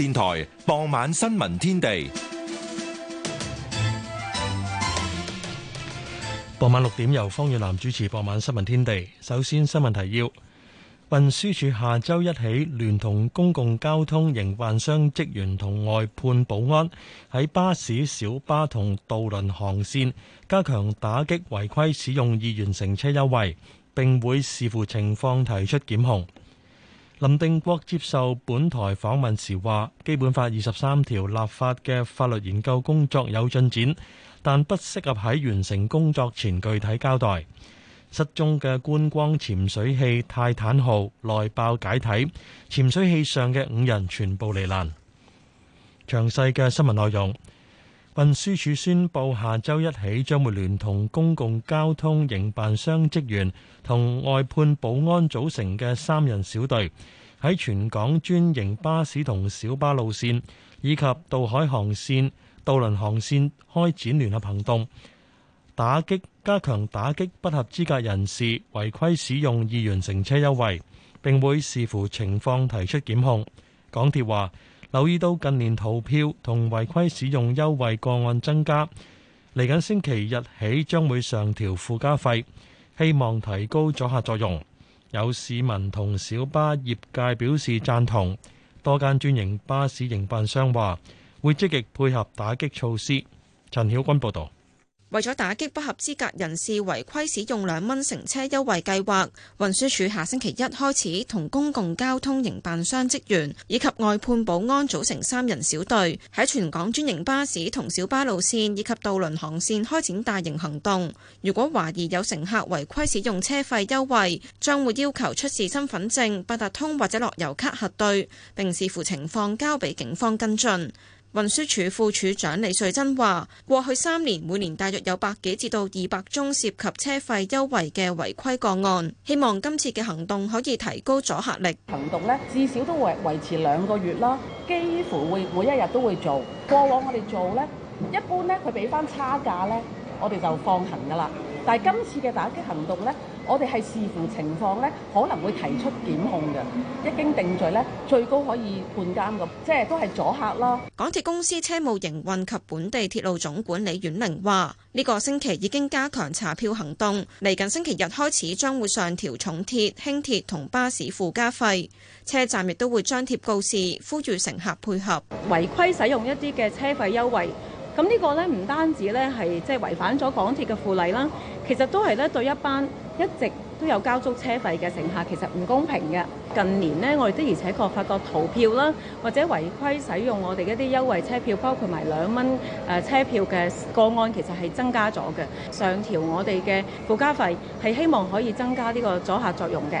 電台傍晚新聞天地，傍晚六點由方遠南主持。傍晚新聞天地，首先新聞提要：運輸署下周一起，聯同公共交通營運商職員同外判保安喺巴士、小巴同渡輪航線加強打擊違規使用二元乘車優惠，並會視乎情況提出檢控。林定國接受本台訪問時話，基本法二十三條立法嘅法律研究工作有進展，但不適合喺完成工作前具體交代。失蹤嘅觀光潛水器泰坦號內爆解體，潛水器上嘅五人全部罹難。詳細嘅新聞內容。運輸署宣布，下周一起，將會聯同公共交通營辦商職員同外判保安組成嘅三人小隊，喺全港專營巴士同小巴路線以及渡海航線、渡輪航線開展聯合行動，打擊加強打擊不合資格人士違規使用二元乘車優惠，並會視乎情況提出檢控。港鐵話。留意到近年逃票同違規使用優惠個案增加，嚟緊星期日起將會上調附加費，希望提高阻吓作用。有市民同小巴業界表示讚同，多間專營巴士營辦商話會積極配合打擊措施。陳曉君報道。為咗打擊不合資格人士違規使用兩蚊乘車優惠計劃，運輸署下星期一開始同公共交通營辦商職員以及外判保安組成三人小隊，喺全港專營巴士同小巴路線以及渡輪航線開展大型行動。如果懷疑有乘客違規使用車費優惠，將會要求出示身份證、八達通或者樂悠卡核對，並視乎情況交俾警方跟進。運輸署副，副署長李瑞珍話，過去三年，每年大約有百幾至到二百宗涉及車費優惠嘅違規個案，希望今次嘅行動可以提高阻嚇力。行動呢，至少都會維持兩個月啦，幾乎會每一日都會做。過往我哋做呢，一般呢，佢俾翻差價呢，我哋就放行噶啦。但係今次嘅打擊行動呢。我哋係視乎情況咧，可能會提出檢控嘅。一經定罪咧，最高可以判監嘅，即係都係阻嚇啦。港鐵公司車務營運及本地鐵路總管李婉玲話：呢個星期已經加強查票行動，嚟緊星期日開始將會上調重鐵、輕鐵同巴士附加費，車站亦都會張貼告示，呼籲乘客配合，違規使用一啲嘅車費優惠。咁呢個咧，唔單止咧，係即係違反咗港鐵嘅附例啦，其實都係咧，對一班一直都有交足車費嘅乘客其實唔公平嘅。近年呢，我哋的而且確發覺逃票啦，或者違規使用我哋一啲優惠車票，包括埋兩蚊誒車票嘅個案，其實係增加咗嘅。上調我哋嘅附加費，係希望可以增加呢個阻嚇作用嘅。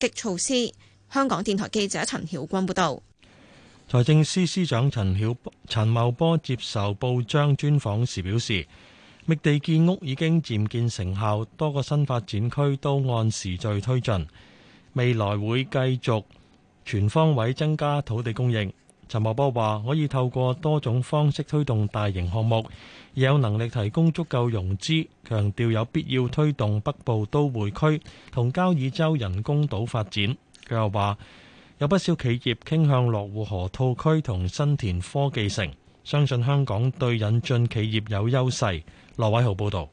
激措施。香港電台記者陳曉君報道，財政司司長陳曉陳茂波接受報章專訪時表示，覓地建屋已經漸見成效，多個新發展區都按時序推進，未來會繼續全方位增加土地供應。陳茂波話：可以透過多種方式推動大型項目，亦有能力提供足夠融資。強調有必要推動北部都會區同交椅洲人工島發展。佢又話：有不少企業傾向落戶河套區同新田科技城，相信香港對引進企業有優勢。羅偉豪報導。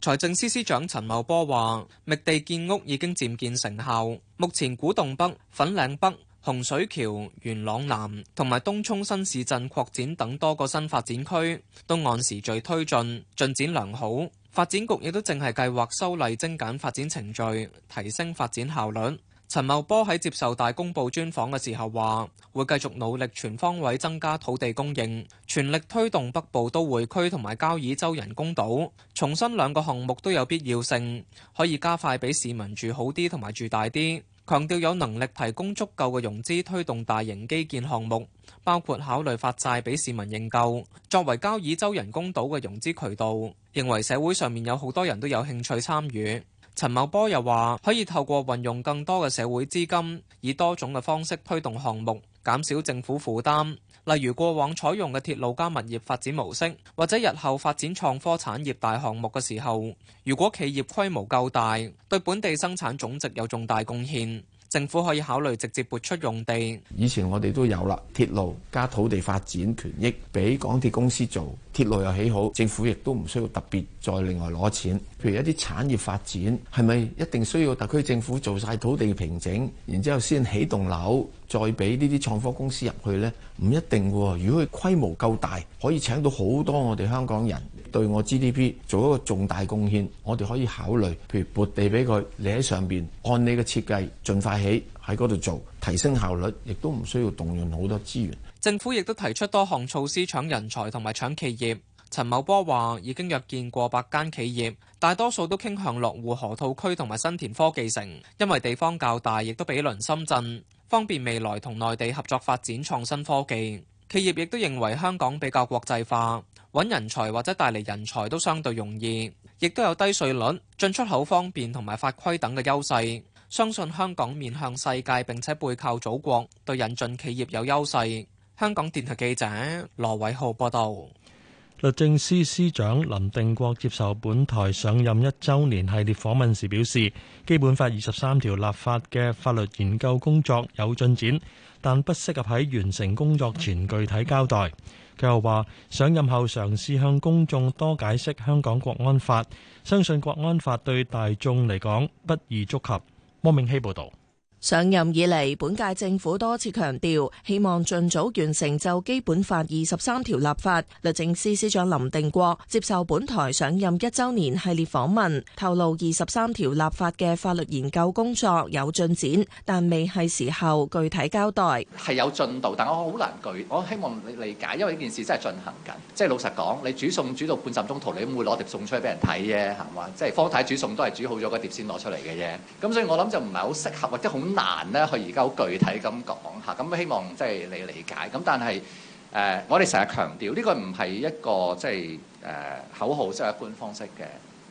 財政司司長陳茂波話：覓地建屋已經漸見成效，目前古洞北、粉嶺北、洪水橋、元朗南同埋東涌新市鎮擴展等多個新發展區都按時序推進，進展良好。發展局亦都正係計劃修例精簡發展程序，提升發展效率。陳茂波喺接受大公報專訪嘅時候話，會繼續努力全方位增加土地供應，全力推動北部都會區同埋交椅洲人工島。重申兩個項目都有必要性，可以加快俾市民住好啲同埋住大啲。強調有能力提供足夠嘅融資推動大型基建項目，包括考慮發債俾市民認購，作為交椅洲人工島嘅融資渠道。認為社會上面有好多人都有興趣參與。陳茂波又話，可以透過運用更多嘅社會資金，以多種嘅方式推動項目，減少政府負擔。例如過往採用嘅鐵路加物業發展模式，或者日後發展創科產業大項目嘅時候，如果企業規模夠大，對本地生產總值有重大貢獻。政府可以考慮直接撥出用地。以前我哋都有啦，鐵路加土地發展權益俾港鐵公司做，鐵路又起好，政府亦都唔需要特別再另外攞錢。譬如一啲產業發展，係咪一定需要特區政府做晒土地平整，然之後先起棟樓，再俾呢啲創科公司入去呢？唔一定嘅。如果佢規模夠大，可以請到好多我哋香港人。對我 GDP 做一個重大貢獻，我哋可以考慮，譬如撥地俾佢，你喺上邊按你嘅設計，盡快起喺嗰度做，提升效率，亦都唔需要動用好多資源。政府亦都提出多項措施搶人才同埋搶企業。陳茂波話已經約見過百間企業，大多數都傾向落戶河套區同埋新田科技城，因為地方較大，亦都毗鄰深圳，方便未來同內地合作發展創新科技。企業亦都認為香港比較國際化。揾人才或者帶嚟人才都相對容易，亦都有低稅率、進出口方便同埋法規等嘅優勢。相信香港面向世界並且背靠祖國，對引進企業有優勢。香港電台記者羅偉浩報道。律政司司長林定國接受本台上任一週年系列訪問時表示，基本法二十三條立法嘅法律研究工作有進展，但不適合喺完成工作前具體交代。佢又話：上任後嘗試向公眾多解釋香港國安法，相信國安法對大眾嚟講不易觸及。汪明希報導。上任以嚟，本屆政府多次強調，希望盡早完成就《基本法》二十三條立法。律政司司長林定國接受本台上任一周年系列訪問，透露二十三條立法嘅法律研究工作有進展，但未係時候具體交代。係有進度，但我好難具，我希望你理解，因為呢件事真係進行緊。即係老實講，你煮餸煮到半陣中途，你唔會攞碟餸出嚟俾人睇啫，係嘛？即係方太煮餸都係煮好咗個碟先攞出嚟嘅啫。咁所以我諗就唔係好適合，或者好。難咧，佢而家好具體咁講吓，咁希望即係你理解。咁但係誒、呃，我哋成日強調呢、這個唔係一個即係誒、呃、口號，即係一般方式嘅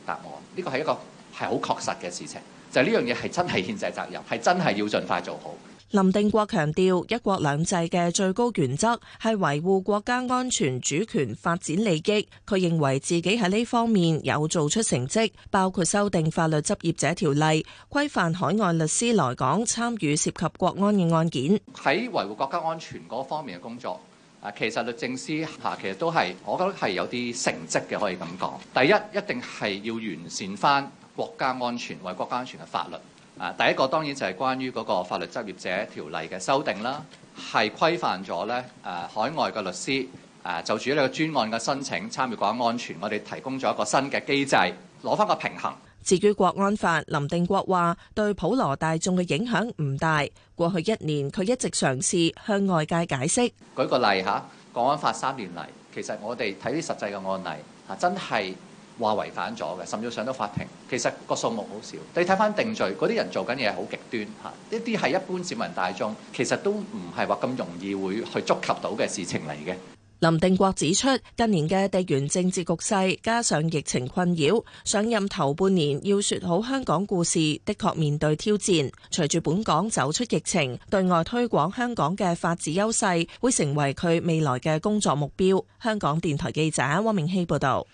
答案。呢、這個係一個係好確實嘅事情，就係呢樣嘢係真係憲制責任，係真係要盡快做好。林定國強調一國兩制嘅最高原則係維護國家安全主權、發展利益。佢認為自己喺呢方面有做出成績，包括修訂法律執業者條例，規範海外律師來港參與涉及國安嘅案件。喺維護國家安全嗰方面嘅工作，啊，其實律政司吓，其實都係我覺得係有啲成績嘅，可以咁講。第一，一定係要完善翻國家安全為國家安全嘅法律。啊，第一個當然就係關於嗰個法律執業者條例嘅修訂啦，係規範咗咧誒海外嘅律師誒、啊、就住呢個專案嘅申請參與國安安全，我哋提供咗一個新嘅機制，攞翻個平衡。至於國安法，林定國話對普羅大眾嘅影響唔大。過去一年，佢一直嘗試向外界解釋。舉個例嚇，國安法三年嚟，其實我哋睇啲實際嘅案例嚇，真係。話違反咗嘅，甚至上咗法庭。其實個數目好少，你睇翻定罪嗰啲人做緊嘢好極端嚇，呢啲係一般市民大眾，其實都唔係話咁容易會去觸及到嘅事情嚟嘅。林定國指出，近年嘅地緣政治局勢加上疫情困擾，上任頭半年要説好香港故事，的確面對挑戰。隨住本港走出疫情，對外推廣香港嘅法治優勢，會成為佢未來嘅工作目標。香港電台記者汪明希報導。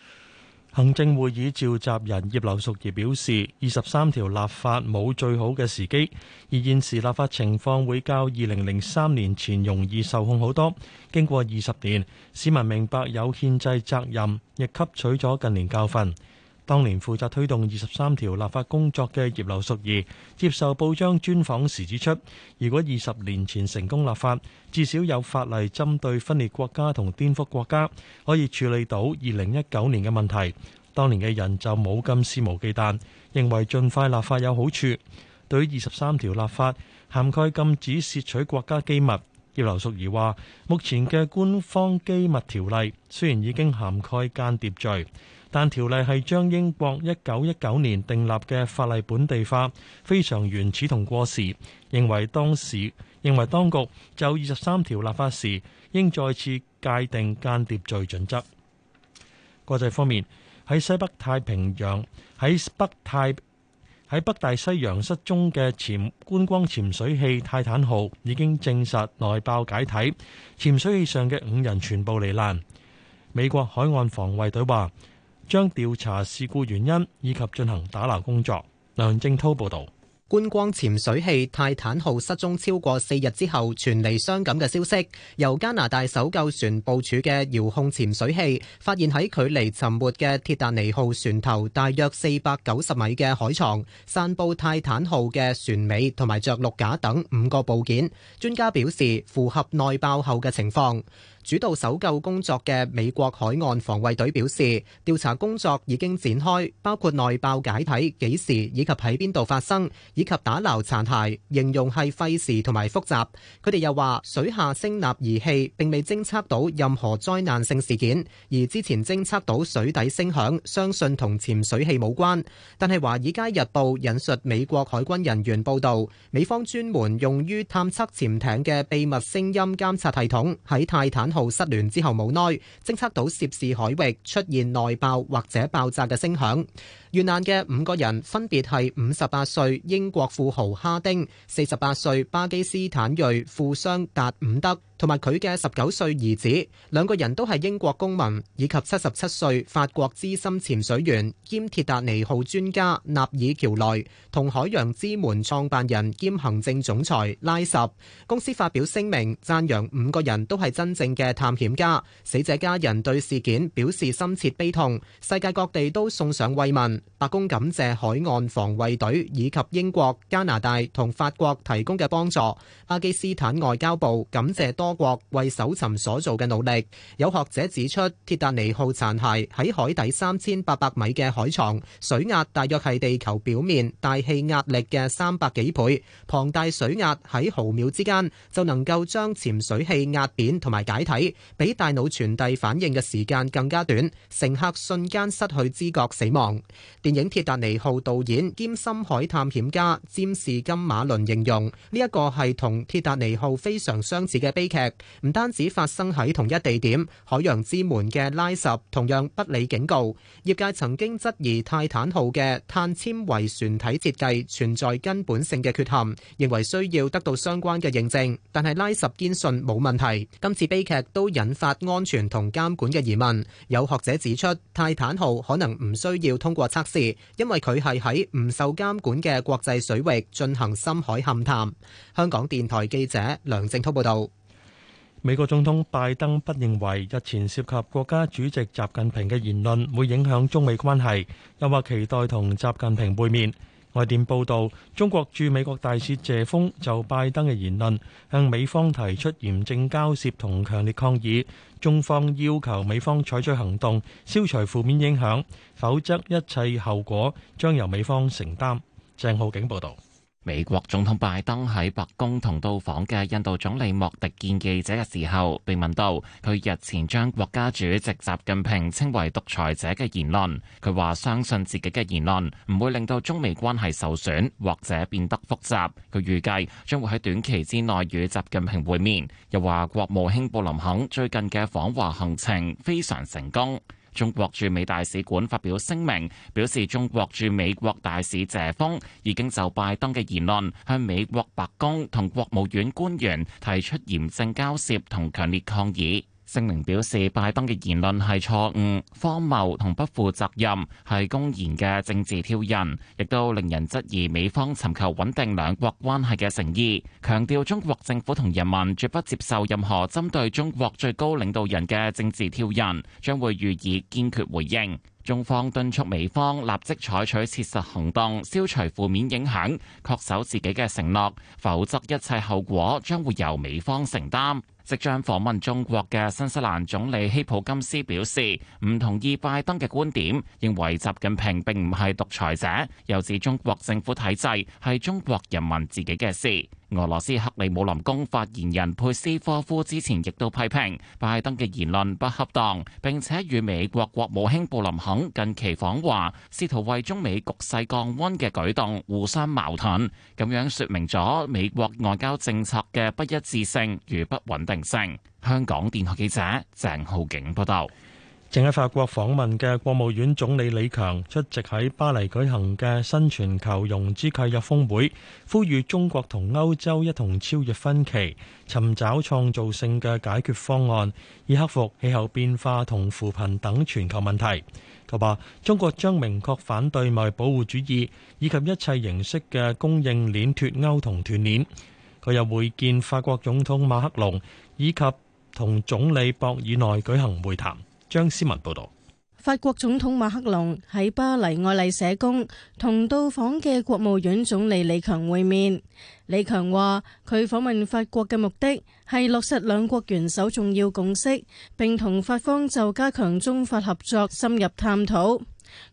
行政會議召集人葉劉淑儀表示，二十三條立法冇最好嘅時機，而現時立法情況會較二零零三年前容易受控好多。經過二十年，市民明白有憲制責任，亦吸取咗近年教訓。當年負責推動二十三條立法工作嘅葉劉淑儀接受報章專訪時指出，如果二十年前成功立法，至少有法例針對分裂國家同顛覆國家，可以處理到二零一九年嘅問題。當年嘅人就冇咁肆無忌憚，認為盡快立法有好處。對於二十三條立法涵蓋禁止竊取國家機密，葉劉淑儀話：目前嘅官方機密條例雖然已經涵蓋間諜罪。但條例係將英國一九一九年訂立嘅法例本地化，非常原始同過時。認為當時，認為當局就二十三條立法時，應再次界定間諜罪準則。國際方面，喺西北太平洋，喺北太，喺北大西洋失蹤嘅潛，觀光潛水器泰坦號，已經證實內爆解體，潛水器上嘅五人全部罹難。美國海岸防衛隊話，將調查事故原因，以及進行打撈工作。梁正濤報道：觀光潛水器泰坦號失蹤超過四日之後，傳嚟傷感嘅消息。由加拿大搜救船部署嘅遙控潛水器發現喺距離沉沒嘅鐵達尼號船頭大約四百九十米嘅海床，散布泰坦號嘅船尾同埋着陸架等五個部件。專家表示，符合內爆後嘅情況。主導搜救工作嘅美國海岸防衛隊表示，調查工作已經展開，包括內爆解體幾時以及喺邊度發生，以及打撈殘骸，形容係費時同埋複雜。佢哋又話，水下聲納儀器並未偵測到任何災難性事件，而之前偵測到水底聲響，相信同潛水器冇關。但係《華爾街日報》引述美國海軍人員報導，美方專門用於探測潛艇嘅秘密聲音監察系統喺泰坦號失聯之後，冇耐，偵測到涉事海域出現內爆或者爆炸嘅聲響。遇難嘅五個人分別係五十八歲英國富豪哈丁、四十八歲巴基斯坦裔富商達伍德，同埋佢嘅十九歲兒子，兩個人都係英國公民，以及七十七歲法國資深潛水員兼鐵達尼號專家納爾喬雷同海洋之門創辦人兼行政總裁拉什。公司發表聲明讚揚五個人都係真正嘅探險家。死者家人對事件表示深切悲痛，世界各地都送上慰問。白宮感謝海岸防衛隊以及英國、加拿大同法國提供嘅幫助。巴基斯坦外交部感謝多國為搜尋所做嘅努力。有學者指出，鐵達尼號殘骸喺海底三千八百米嘅海床，水壓大約係地球表面大氣壓力嘅三百幾倍。龐大水壓喺毫秒之間就能夠將潛水器壓扁同埋解體，比大腦傳遞反應嘅時間更加短，乘客瞬間失去知覺死亡。電影《鐵達尼號》導演兼深海探險家詹士·金馬倫形容：呢一個係同《鐵達尼號》非常相似嘅悲劇，唔單止發生喺同一地點，海洋之門嘅拉什同樣不理警告。業界曾經質疑泰坦號嘅碳纖維船體設計存在根本性嘅缺陷，認為需要得到相關嘅認證。但係拉什堅信冇問題。今次悲劇都引發安全同監管嘅疑問。有學者指出，泰坦號可能唔需要通過。當時，因為佢係喺唔受監管嘅國際水域進行深海勘探。香港電台記者梁靜濤報道，美國總統拜登不認為日前涉及國家主席習近平嘅言論會影響中美關係，又話期待同習近平會面。外電報導，中國駐美國大使謝鋒就拜登嘅言論向美方提出嚴正交涉同強烈抗議，中方要求美方採取行動，消除負面影響，否則一切後果將由美方承擔。鄭浩景報導。美國總統拜登喺白宮同到訪嘅印度總理莫迪見記者嘅時候，被問到佢日前將國家主席習近平稱為獨裁者嘅言論，佢話相信自己嘅言論唔會令到中美關係受損或者變得複雜。佢預計將會喺短期之內與習近平會面，又話國務卿布林肯最近嘅訪華行程非常成功。中國駐美大使館發表聲明，表示中國駐美國大使謝鋒已經就拜登嘅言論向美國白宮同國務院官員提出嚴正交涉同強烈抗議。聲明表示，拜登嘅言論係錯誤、荒謬同不負責任，係公然嘅政治挑釁，亦都令人質疑美方尋求穩定兩國關係嘅誠意。強調中國政府同人民絕不接受任何針對中國最高領導人嘅政治挑釁，將會予以堅決回應。中方敦促美方立即採取切實行動消除負面影響，恪守自己嘅承諾，否則一切後果將會由美方承擔。即將訪問中國嘅新西蘭總理希普金斯表示，唔同意拜登嘅觀點，認為習近平並唔係獨裁者，又指中國政府體制係中國人民自己嘅事。俄羅斯克里姆林宮發言人佩斯科夫之前亦都批評拜登嘅言論不恰當，並且與美國國務卿布林肯近期訪華，試圖為中美局勢降温嘅舉動互相矛盾，咁樣説明咗美國外交政策嘅不一致性與不穩定性。香港電台記者鄭浩景報道。正喺法國訪問嘅國務院總理李強出席喺巴黎舉行嘅新全球融資契約峰會，呼籲中國同歐洲一同超越分歧，尋找創造性嘅解決方案，以克服氣候變化同扶貧等全球問題。佢話中國將明確反對貿易保護主義，以及一切形式嘅供應鏈脫歐同斷鏈。佢又會見法國總統馬克龍，以及同總理博爾內舉行會談。張思文報道，法國總統馬克龍喺巴黎愛麗舍宮同到訪嘅國務院總理李強會面。李強話，佢訪問法國嘅目的係落實兩國元首重要共識，並同法方就加強中法合作深入探討。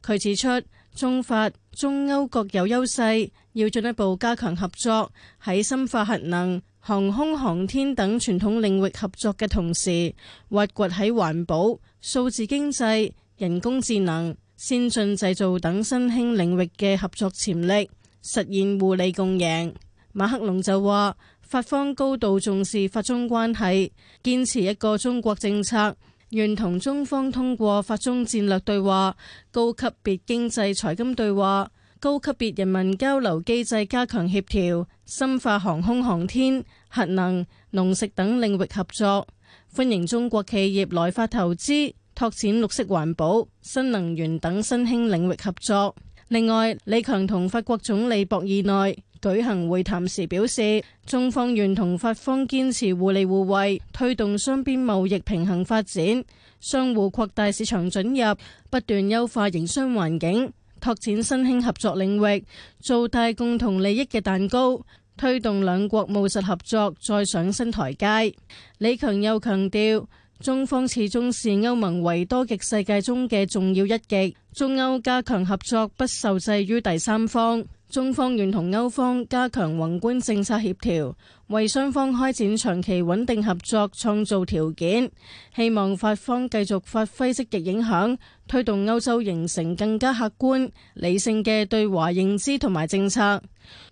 佢指出，中法、中歐各有優勢，要進一步加強合作，喺深化核能、航空航天等傳統領域合作嘅同時，挖掘喺環保、數字經濟、人工智能、先進製造等新興領域嘅合作潛力，實現互利共贏。馬克龍就話：法方高度重視法中關係，堅持一個中國政策，願同中方通過法中戰略對話、高級別經濟財金對話、高級別人民交流機制加強協調。深化航空航天、核能、農食等領域合作，歡迎中國企業來法投資，拓展綠色環保、新能源等新興領域合作。另外，李強同法國總理博爾內舉行會談時表示，中方願同法方堅持互利互惠，推動雙邊貿易平衡發展，相互擴大市場准入，不斷優化營商環境。拓展新興合作領域，做大共同利益嘅蛋糕，推動兩國務實合作再上新台階。李強又強調，中方始終視歐盟為多極世界中嘅重要一極，中歐加強合作不受制於第三方。中方願同歐方加強宏觀政策協調，為雙方開展長期穩定合作創造條件。希望法方繼續發揮積極影響，推動歐洲形成更加客觀、理性嘅對華認知同埋政策。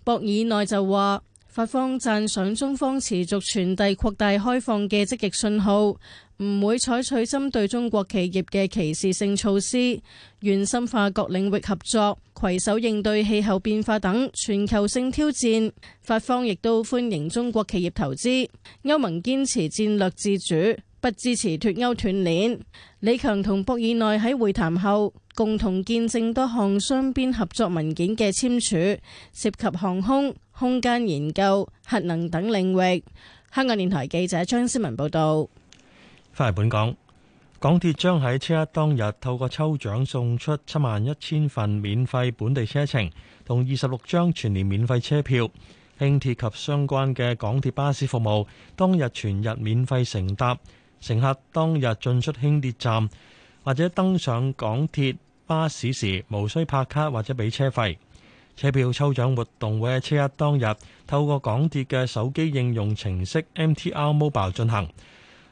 博爾內就話，法方贊賞中方持續傳遞擴大開放嘅積極信號。唔會採取針對中國企業嘅歧視性措施，願深化各領域合作，攜手應對氣候變化等全球性挑戰。法方亦都歡迎中國企業投資。歐盟堅持戰略自主，不支持脫歐斷鏈。李強同博爾內喺會談後共同見證多項雙邊合作文件嘅簽署，涉及航空、空間研究、核能等領域。香港電台記者張思文報道。返嚟本港，港鐵將喺車一當日透過抽獎送出七萬一千份免費本地車程，同二十六張全年免費車票。輕鐵及相關嘅港鐵巴士服務當日全日免費乘搭，乘客當日進出輕鐵站或者登上港鐵巴士時，無需拍卡或者俾車費。車票抽獎活動會喺車一當日透過港鐵嘅手機應用程式 MTR Mobile 進行。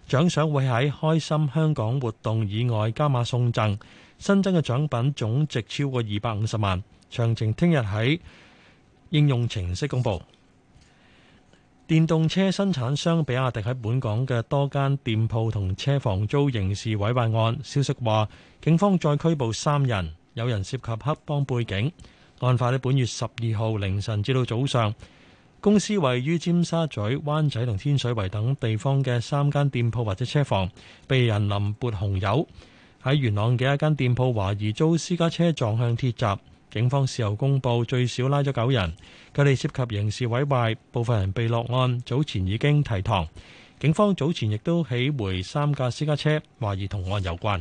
獎賞會喺開心香港活動以外加碼送贈，新增嘅獎品總值超過二百五十萬。詳情聽日喺應用程式公布。電動車生產商比亞迪喺本港嘅多間店鋪同車房遭刑事毀壞案，消息話警方再拘捕三人，有人涉及黑幫背景。案發喺本月十二號凌晨至到早上。公司位於尖沙咀、灣仔同天水圍等地方嘅三間店鋪或者車房被人淋潑紅油。喺元朗嘅一間店鋪，懷疑遭私家車撞向鐵閘。警方事後公布最少拉咗九人，佢哋涉及刑事毀壞，部分人被落案，早前已經提堂。警方早前亦都起回三架私家車，懷疑同案有關。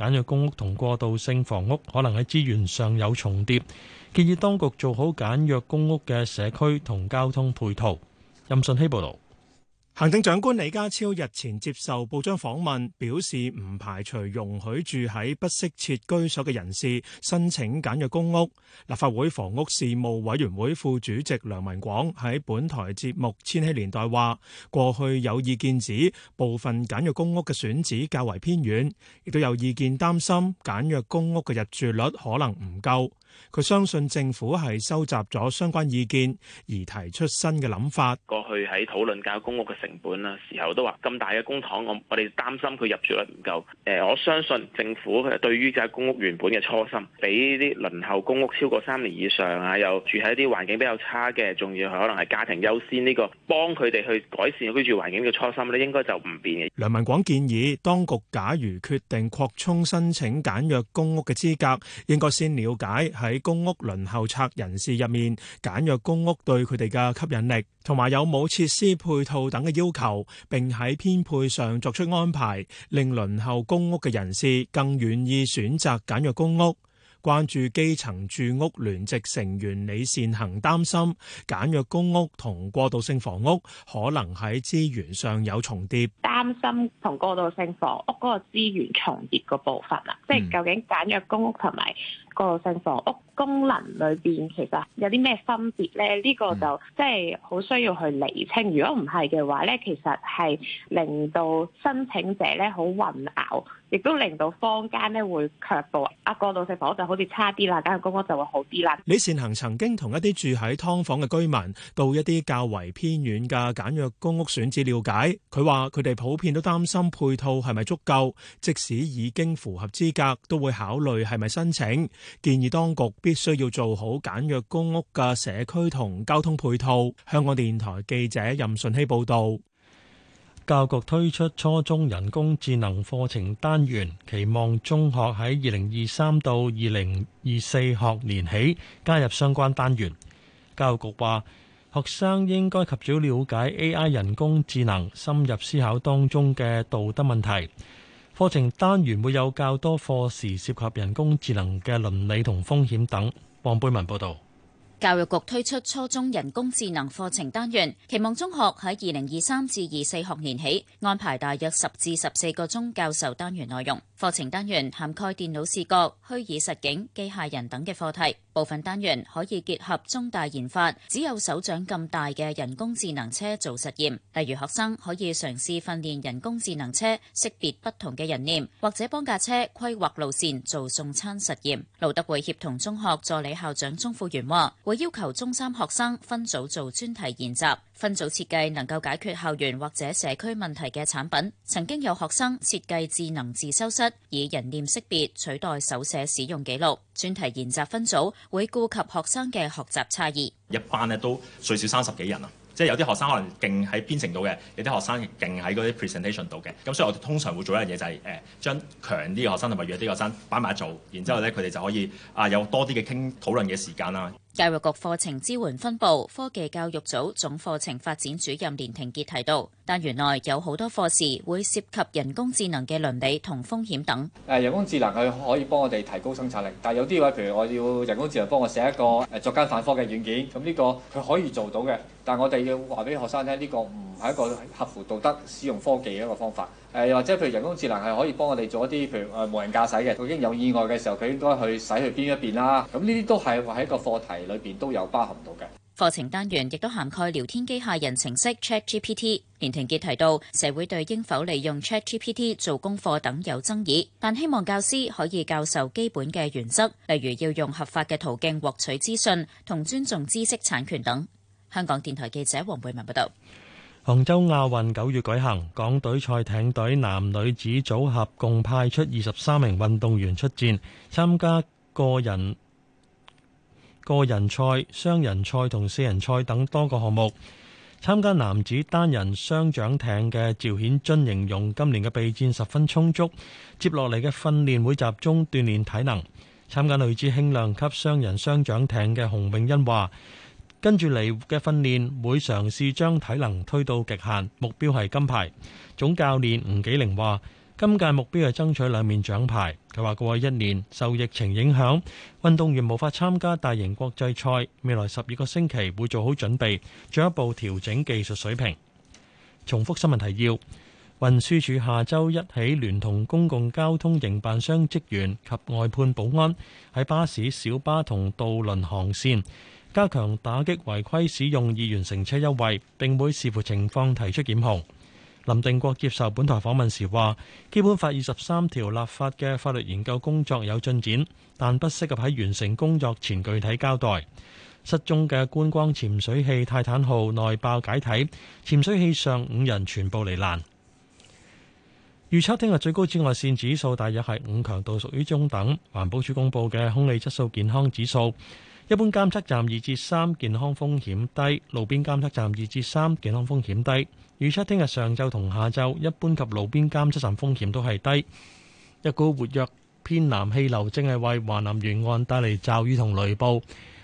簡約公屋同過渡性房屋可能喺資源上有重疊，建議當局做好簡約公屋嘅社區同交通配套。任信希報導。行政長官李家超日前接受報章訪問，表示唔排除容許住喺不適切居所嘅人士申請簡約公屋。立法會房屋事務委員會副主席梁文廣喺本台節目《千禧年代》話，過去有意見指部分簡約公屋嘅選址較為偏遠，亦都有意見擔心簡約公屋嘅入住率可能唔夠。佢相信政府係收集咗相關意見而提出新嘅諗法。過去喺討論搞公屋嘅成本啦時候，都話咁大嘅公帑，我我哋擔心佢入住率唔夠。誒，我相信政府對於搞公屋原本嘅初心，俾啲輪候公屋超過三年以上啊，又住喺啲環境比較差嘅，仲要可能係家庭優先呢個，幫佢哋去改善居住環境嘅初心咧，應該就唔變嘅。梁文廣建議當局假如決定擴充申請簡約公屋嘅資格，應該先了解喺公屋輪候拆人士入面，簡約公屋對佢哋嘅吸引力同埋有冇設施配套等嘅要求，並喺編配上作出安排，令輪候公屋嘅人士更願意選擇簡約公屋。關注基層住屋聯席成員李善行擔心，簡約公屋同過渡性房屋可能喺資源上有重疊，擔心同過渡性房屋嗰個資源重疊嘅部分啊，即係究竟簡約公屋同埋。過渡性房屋功能裏邊其實有啲咩分別咧？呢、這個就即係好需要去釐清。如果唔係嘅話咧，其實係令到申請者咧好混淆，亦都令到坊間咧會卻步。啊，過渡性房屋就好似差啲啦，簡約公屋就會好啲啦。李善恒曾經同一啲住喺劏房嘅居民，到一啲較為偏遠嘅簡約公屋選址了解，佢話佢哋普遍都擔心配套係咪足夠，即使已經符合資格，都會考慮係咪申請。建議當局必須要做好簡約公屋嘅社區同交通配套。香港電台記者任順希報導。教育局推出初中人工智能課程單元，期望中學喺二零二三到二零二四學年起加入相關單元。教育局話，學生應該及早了解 AI 人工智能，深入思考當中嘅道德問題。課程單元會有較多課時涉及人工智能嘅倫理同風險等。黃貝文報道，教育局推出初中人工智能課程單元，期望中學喺二零二三至二四學年起安排大約十至十四個鐘教授單元內容。課程單元涵蓋電腦視覺、虛擬實景、機械人等嘅課題，部分單元可以結合中大研發只有手掌咁大嘅人工智能車做實驗，例如學生可以嘗試訓練人工智能車識別不同嘅人臉，或者幫架車規劃路線做送餐實驗。路德會協同中學助理校長鍾富元話：會要求中三學生分組做專題研習。分組設計能夠解決校園或者社區問題嘅產品，曾經有學生設計智能自修室，以人臉識別取代手寫使用記錄。專題研習分組會顧及學生嘅學習差異，一班咧都最少三十幾人啊，即係有啲學生可能勁喺編程度嘅，有啲學生勁喺嗰啲 presentation 度嘅，咁所以我哋通常會做一樣嘢就係誒將強啲嘅學生同埋弱啲嘅學生擺埋一組，然之後咧佢哋就可以啊有多啲嘅傾討論嘅時間啦。教育局課程支援分部科技教育組總課程發展主任連廷杰提到，但原來有好多課時會涉及人工智能嘅倫理同風險等。誒，人工智能佢可以幫我哋提高生產力，但有啲位譬如我要人工智能幫我寫一個誒作奸犯科嘅軟件，咁呢個佢可以做到嘅，但係我哋要話俾學生聽，呢個唔係一個合乎道德使用科技嘅一個方法。誒又或者譬如人工智能係可以幫我哋做一啲譬如誒、呃、無人駕駛嘅，佢經有意外嘅時候，佢應該去使去邊一邊啦。咁呢啲都係喺個課題裏邊都有包含到嘅課程單元，亦都涵蓋聊天機械人程式 Chat GPT。連庭杰提到，社會對應否利用 Chat GPT 做功課等有爭議，但希望教師可以教授基本嘅原則，例如要用合法嘅途徑獲取資訊同尊重知識產權等。香港電台記者黃慧文報道。杭州亞運九月舉行，港隊賽艇隊男女子組合共派出二十三名運動員出戰，參加個人、個人賽、雙人賽同四人賽等多個項目。參加男子單人雙槳艇嘅趙顯津形容今年嘅備戰十分充足，接落嚟嘅訓練會集中鍛鍊體能。參加女子輕量級雙人雙槳艇嘅洪永恩話。跟住嚟嘅訓練會嘗試將體能推到極限，目標係金牌。總教練吳紀玲話：今屆目標係爭取兩面獎牌。佢話過去一年受疫情影響，運動員無法參加大型國際賽，未來十二個星期會做好準備，進一步調整技術水平。重複新聞提要：運輸署下週一起聯同公共交通營辦商職員及外判保安喺巴士、小巴同渡輪航線。加強打擊違規使用二元乘車優惠，並會視乎情況提出檢控。林定國接受本台訪問時話，基本法二十三條立法嘅法律研究工作有進展，但不適合喺完成工作前具體交代。失蹤嘅觀光潛水器泰坦號內爆解體，潛水器上五人全部罹難。預測聽日最高紫外線指數大約係五強度，屬於中等。環保署公布嘅空氣質素健康指數。一般監測站二至三，健康風險低，路邊監測站二至三，健康風險低。預測聽日上晝同下晝一般及路邊監測站風險都係低。一股活躍偏南氣流正係為華南沿岸帶嚟驟雨同雷暴。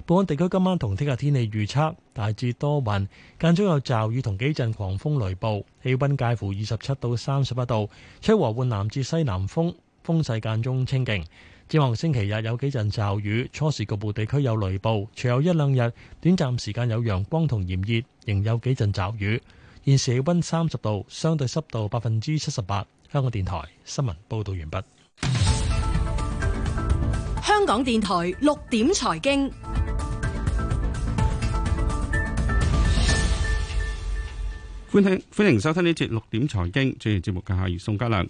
本港地區今晚同聽日天氣預測，大致多雲，間中有驟雨同幾陣狂風雷暴。氣温介乎二十七到三十一度，吹和緩南至西南風，風勢間中清勁。展望星期日有幾陣驟雨，初時局部地區有雷暴，隨後一兩日短暫時間有陽光同炎熱，仍有幾陣驟雨。現時氣温三十度，相對濕度百分之七十八。香港電台新聞報道完畢。香港電台六點財經歡迎，歡迎收聽呢節六點財經，主持節目嘅係宋嘉亮。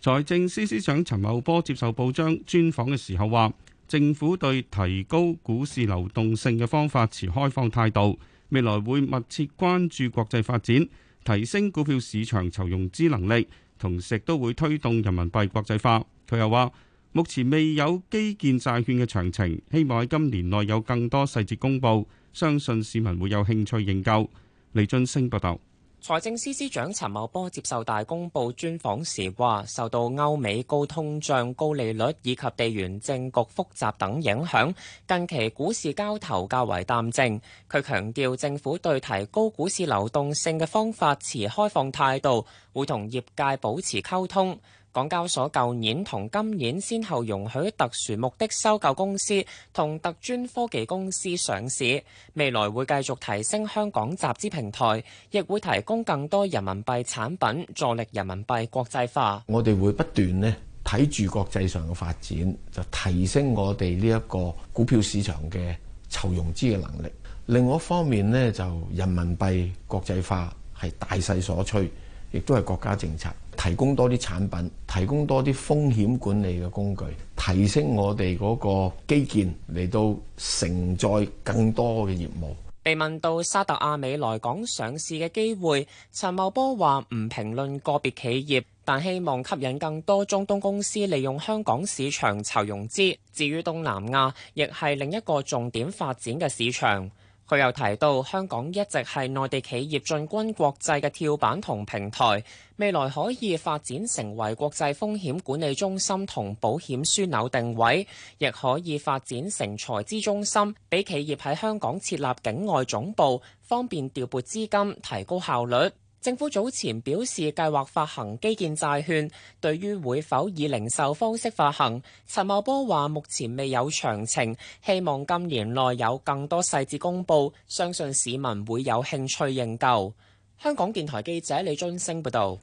財政司司長陳茂波接受報章專訪嘅時候話：政府對提高股市流動性嘅方法持開放態度，未來會密切關注國際發展，提升股票市場籌融資能力，同時都會推動人民幣國際化。佢又話：目前未有基建債券嘅詳情，希望喺今年內有更多細節公佈，相信市民會有興趣認購。李俊升報道。財政司司長陳茂波接受大公報專訪時話，受到歐美高通脹、高利率以及地緣政局複雜等影響，近期股市交投較為淡靜。佢強調，政府對提高股市流動性嘅方法持開放態度，會同業界保持溝通。港交所舊年同今年先後容許特殊目的收購公司同特專科技公司上市，未來會繼續提升香港集資平台，亦會提供更多人民幣產品，助力人民幣國際化。我哋會不斷呢睇住國際上嘅發展，就提升我哋呢一個股票市場嘅籌融資嘅能力。另外一方面呢就人民幣國際化係大勢所趨，亦都係國家政策。提供多啲產品，提供多啲風險管理嘅工具，提升我哋嗰個基建嚟到承載更多嘅業務。被問到沙特阿美來港上市嘅機會，陳茂波話唔評論個別企業，但希望吸引更多中東公司利用香港市場籌融資。至於東南亞，亦係另一個重點發展嘅市場。佢又提到，香港一直係內地企業進軍國際嘅跳板同平台。未來可以發展成為國際風險管理中心同保險樞紐定位，亦可以發展成財資中心，俾企業喺香港設立境外總部，方便調撥資金，提高效率。政府早前表示計劃發行基建債券，對於會否以零售方式發行，陳茂波話目前未有詳情，希望今年內有更多細節公佈，相信市民會有興趣認購。香港電台記者李俊升報道：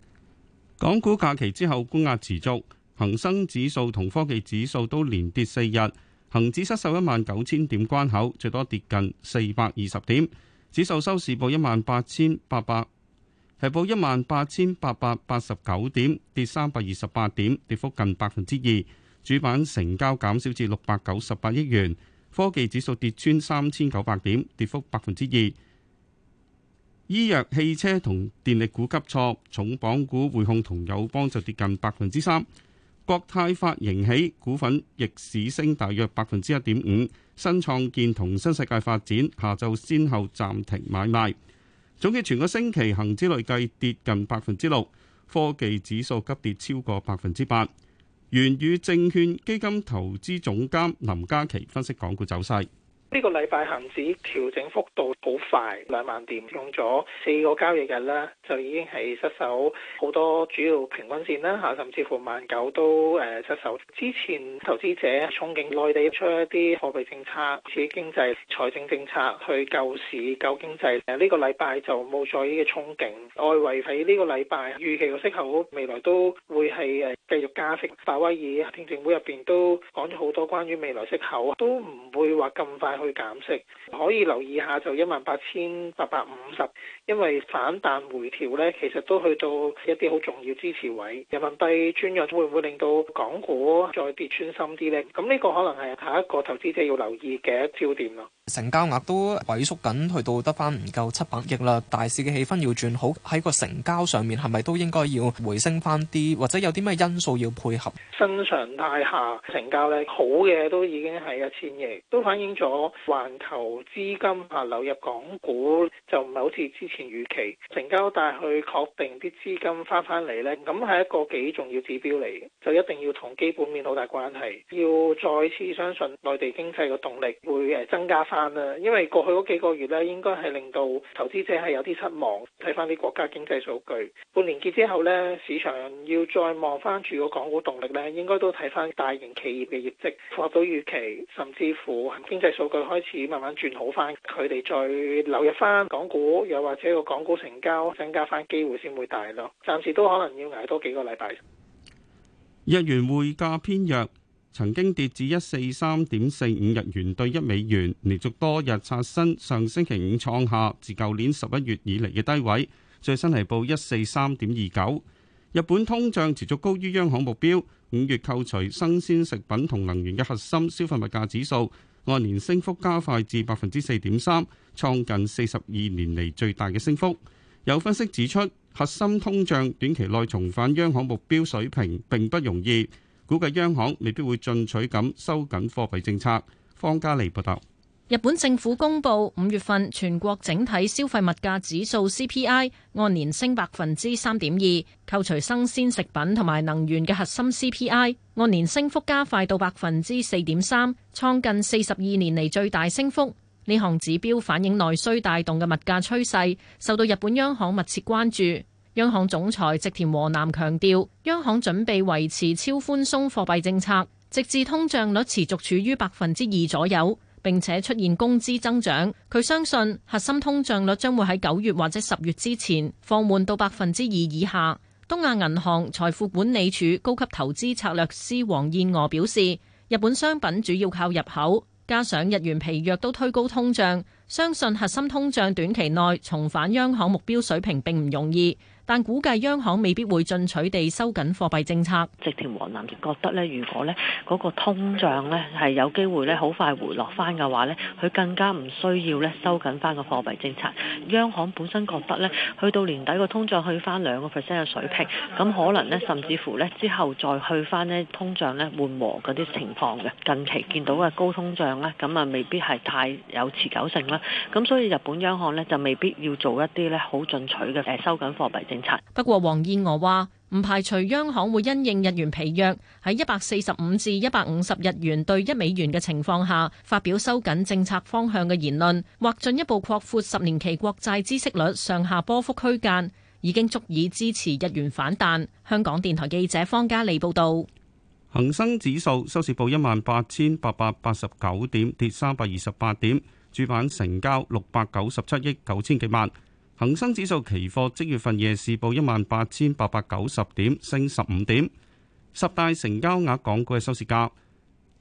港股假期之後，沽壓持續，恒生指數同科技指數都連跌四日，恒指失守一萬九千點關口，最多跌近四百二十點，指數收市報一萬八千八百，係報一萬八千八百八十九點，跌三百二十八點，跌幅近百分之二。主板成交減少至六百九十八億元，科技指數跌穿三千九百點，跌幅百分之二。醫藥、汽車同電力股急挫，重磅股匯控同友邦就跌近百分之三。國泰發盈喜股份逆市升大約百分之一點五。新創建同新世界發展下晝先後暫停買賣。總結全個星期恒指累計跌近百分之六，科技指數急跌超過百分之八。源宇證券基金投資總監林嘉琪分析港股走勢。呢個禮拜恆指調整幅度好快，兩萬點用咗四個交易日咧，就已經係失守好多主要平均線啦嚇，甚至乎萬九都誒失守。之前投資者憧憬內地出一啲貨幣政策、似經濟財政政策去救市、救經濟，誒、這、呢個禮拜就冇再呢個憧憬。外圍喺呢個禮拜預期個息口未來都會係誒繼續加息，鮑威爾聽證會入邊都講咗好多關於未來息口都唔會話咁快。去減息，可以留意下就一萬八千八百五十，因為反彈回調咧，其實都去到一啲好重要支持位。人民幣轉弱會唔會令到港股再跌穿深啲呢？咁呢個可能係下一個投資者要留意嘅焦點咯。成交額都萎縮緊，去到得翻唔夠七百億啦。大市嘅氣氛要轉好，喺個成交上面係咪都應該要回升翻啲，或者有啲咩因素要配合？新常態下成交咧好嘅都已經係一千億，都反映咗環球資金吓流入港股就唔係好似之前預期。成交大去確定啲資金翻翻嚟咧，咁係一個幾重要指標嚟，就一定要同基本面好大關係。要再次相信內地經濟嘅動力會誒增加翻。因為過去嗰幾個月咧，應該係令到投資者係有啲失望，睇翻啲國家經濟數據。半年結之後呢，市場要再望翻住個港股動力呢，應該都睇翻大型企業嘅業績符合到預期，甚至乎經濟數據開始慢慢轉好翻，佢哋再流入翻港股，又或者個港股成交增加翻機會先會大咯。暫時都可能要捱多幾個禮拜。日元匯價偏弱。曾經跌至一四三點四五日元兌一美元，連續多日刷新上星期五創下自舊年十一月以來嘅低位，最新係報一四三點二九。日本通脹持續高於央行目標，五月扣除生鮮食品同能源嘅核心消費物價指數按年升幅加快至百分之四點三，創近四十二年嚟最大嘅升幅。有分析指出，核心通脹短期內重返央行目標水平並不容易。估計央行未必會進取咁收緊貨幣政策。方家利報道，日本政府公布五月份全國整體消費物價指數 CPI 按年升百分之三點二，扣除生鮮食品同埋能源嘅核心 CPI 按年升幅加快到百分之四點三，創近四十二年嚟最大升幅。呢項指標反映內需帶動嘅物價趨勢，受到日本央行密切關注。央行總裁植田和男強調，央行準備維持超寬鬆貨幣政策，直至通脹率持續處於百分之二左右，並且出現工資增長。佢相信核心通脹率將會喺九月或者十月之前放緩到百分之二以下。東亞銀行財富管理處高級投資策略師王燕娥表示，日本商品主要靠入口，加上日元疲弱都推高通脹，相信核心通脹短期內重返央行目標水平並唔容易。但估計央行未必會進取地收緊貨幣政策。植田和男亦覺得咧，如果咧嗰個通脹咧係有機會咧好快回落翻嘅話咧，佢更加唔需要咧收緊翻個貨幣政策。央行本身覺得咧，去到年底個通脹去翻兩個 percent 嘅水平，咁可能咧甚至乎咧之後再去翻呢通脹咧緩和嗰啲情況嘅。近期見到嘅高通脹咧，咁啊未必係太有持久性啦。咁所以日本央行咧就未必要做一啲咧好進取嘅誒收緊貨幣政策。不過，王燕娥話唔排除央行會因應日元疲弱，喺一百四十五至一百五十日元兌一美元嘅情況下，發表收緊政策方向嘅言論，或進一步擴闊十年期國債孳息率上下波幅區間，已經足以支持日元反彈。香港電台記者方嘉利報道。恒生指數收市報一萬八千八百八十九點，跌三百二十八點，主板成交六百九十七億九千幾萬。恒生指數期貨即月份夜市報一萬八千八百九十點，升十五點。十大成交額港股嘅收市價：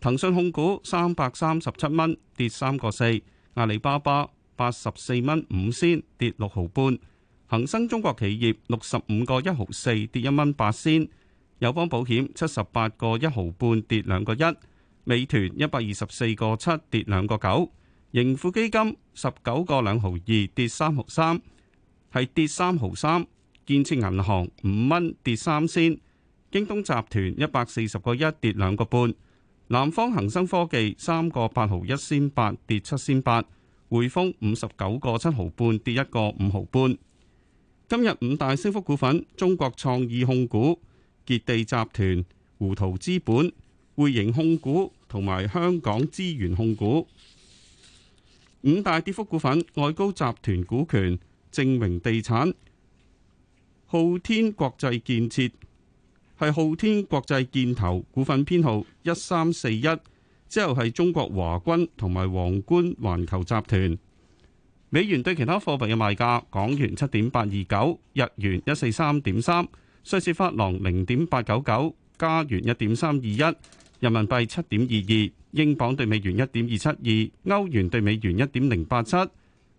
騰訊控股三百三十七蚊，跌三個四；阿里巴巴八十四蚊五仙，跌六毫半；恒生中國企業六十五個一毫四，跌一蚊八仙；友邦保險七十八個一毫半，跌兩個一；美團一百二十四個七，跌兩個九；盈富基金十九個兩毫二，跌三毫三。係跌三毫三，建設銀行五蚊，跌三仙，京東集團一百四十個一，跌兩個半，南方恒生科技三個八毫一仙八，跌七仙八，匯豐五十九個七毫半，跌一個五毫半。今日五大升幅股份：中國創意控股、杰地集團、胡圖資本、匯盈控股同埋香港資源控股。五大跌幅股份：外高集團股權。正榮地產、浩天國際建設係浩天國際建投股份編號一三四一，之後係中國華軍同埋皇冠環球集團。美元對其他貨幣嘅賣價：港元七點八二九，日元一四三點三，瑞士法郎零點八九九，加元一點三二一，人民幣七點二二，英鎊對美元一點二七二，歐元對美元一點零八七。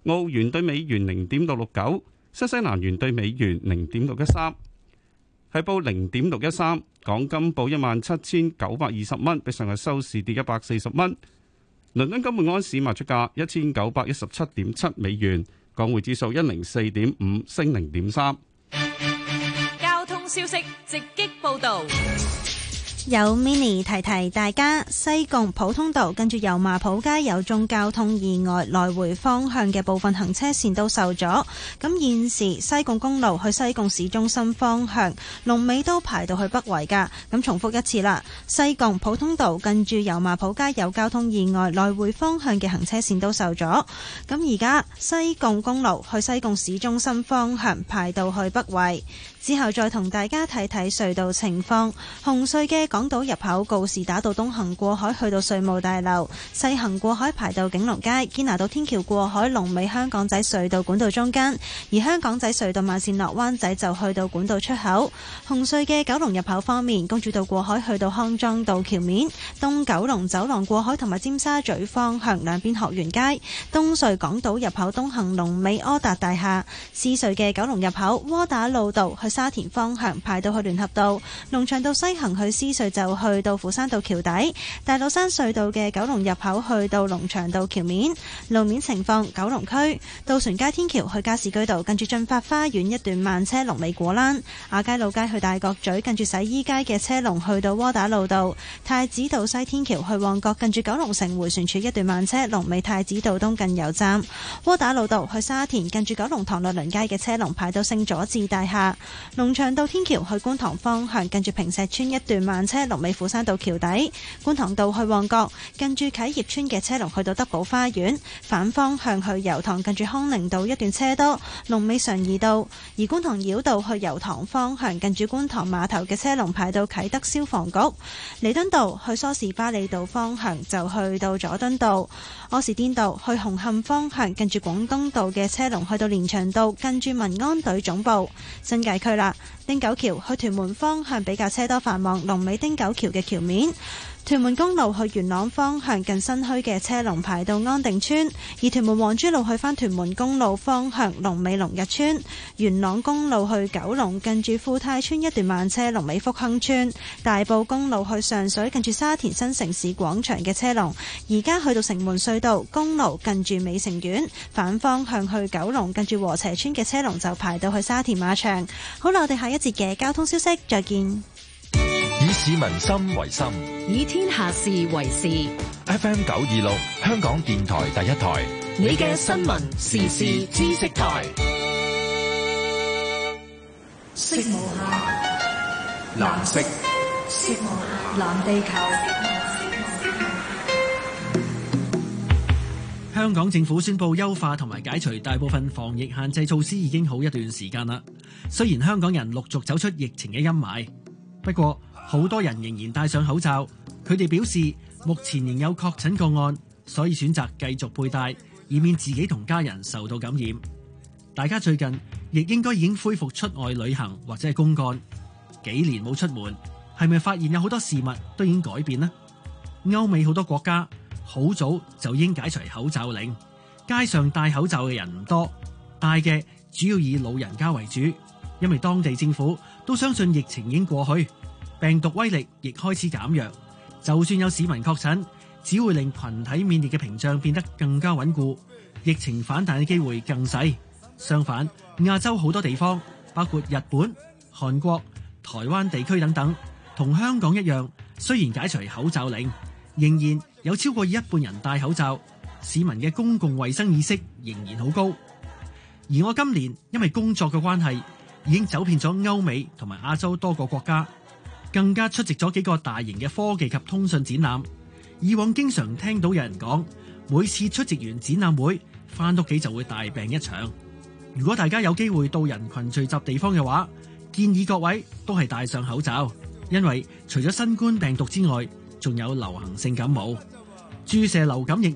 澳元兌美元零點六六九，新西蘭元兌美元零點六一三，係報零點六一三。港金報一萬七千九百二十蚊，比上日收市跌一百四十蚊。倫敦金每盎司賣出價一千九百一十七點七美元，港匯指數一零四點五升零點三。交通消息直擊報道。有 mini 提提大家，西貢普通道跟住油麻莆街有宗交通意外，來回方向嘅部分行車線都受阻。咁現時西貢公路去西貢市中心方向龍尾都排到去北圍㗎。咁重複一次啦，西貢普通道近住油麻莆街有交通意外，來回方向嘅行車線都受阻。咁而家西貢公路去西貢市中心方向排到去北圍。之後再同大家睇睇隧道情況。紅隧嘅港島入口告士打道東行過海去到稅務大樓，西行過海排到景隆街，堅拿道天橋過海龍尾香港仔隧道管道中間。而香港仔隧道慢線落灣仔就去到管道出口。紅隧嘅九龍入口方面，公主道過海去到康莊道橋面，東九龍走廊過海同埋尖沙咀方向兩邊學園街。東隧港島入口東行龍尾柯達大廈。獅隧嘅九龍入口窩打老道去。沙田方向排到去聯合道、龍翔道西行去獅隧就去到斧山道橋底；大老山隧道嘅九龍入口去到龍翔道橋面路面情況。九龍區渡船街天橋去加士居道，近住進發花園一段慢車龍尾果欄；亞皆老街去大角咀，近住洗衣街嘅車龍去到窩打老道；太子道西天橋去旺角，近住九龍城迴旋處一段慢車龍尾太子道東近油站；窩打老道去沙田，近住九龍塘律倫街嘅車龍排到聖佐治大廈。龍翔道天橋去觀塘方向，近住坪石村一段慢車；龍尾斧山道橋底，觀塘道去旺角，近住啟業村嘅車龍去到德寶花園；反方向去油塘，近住康寧道一段車多，龍尾上怡道；而觀塘繞道去油塘，道油塘方向，近住觀塘碼頭嘅車龍排到啟德消防局；彌敦道去梳士巴利道方向就去到佐敦道；柯士甸道去紅磡方向，近住廣東道嘅車龍去到連翔道，近住民安隊總部，新界區。啦，汀九橋去屯門方向比較車多繁忙，龍尾汀九橋嘅橋面。屯門公路去元朗方向近新墟嘅車龍排到安定村，而屯門黃珠路去返屯門公路方向龍尾龍日村；元朗公路去九龍近住富泰村一段慢車龍尾福亨村；大埔公路去上水近住沙田新城市廣場嘅車龍，而家去到城門隧道公路近住美城苑，反方向去九龍近住禾輋邨嘅車龍就排到去沙田馬場。好啦，我哋下一節嘅交通消息再見。以民心為心，以天下事為事。FM 九二六，香港電台第一台。你嘅新聞時事知識台。色無限，藍色，色無限，藍地球。香港政府宣布優化同埋解除大部分防疫限制措施已經好一段時間啦。雖然香港人陸續走出疫情嘅陰霾，不過。好多人仍然戴上口罩，佢哋表示目前仍有確診個案，所以選擇繼續佩戴，以免自己同家人受到感染。大家最近亦應該已經恢復出外旅行或者係公幹，幾年冇出門，係咪發現有好多事物都已經改變呢？歐美好多國家好早就已經解除口罩令，街上戴口罩嘅人唔多，戴嘅主要以老人家為主，因為當地政府都相信疫情已經過去。病毒威力亦開始減弱，就算有市民確診，只會令群體免疫嘅屏障變得更加穩固，疫情反彈嘅機會更細。相反，亞洲好多地方，包括日本、韓國、台灣地區等等，同香港一樣，雖然解除口罩令，仍然有超過一半人戴口罩，市民嘅公共衛生意識仍然好高。而我今年因為工作嘅關係，已經走遍咗歐美同埋亞洲多個國家。更加出席咗幾個大型嘅科技及通訊展覽。以往經常聽到有人講，每次出席完展覽會，翻屋企就會大病一場。如果大家有機會到人群聚集地方嘅話，建議各位都係戴上口罩，因為除咗新冠病毒之外，仲有流行性感冒、注射流感疫苗。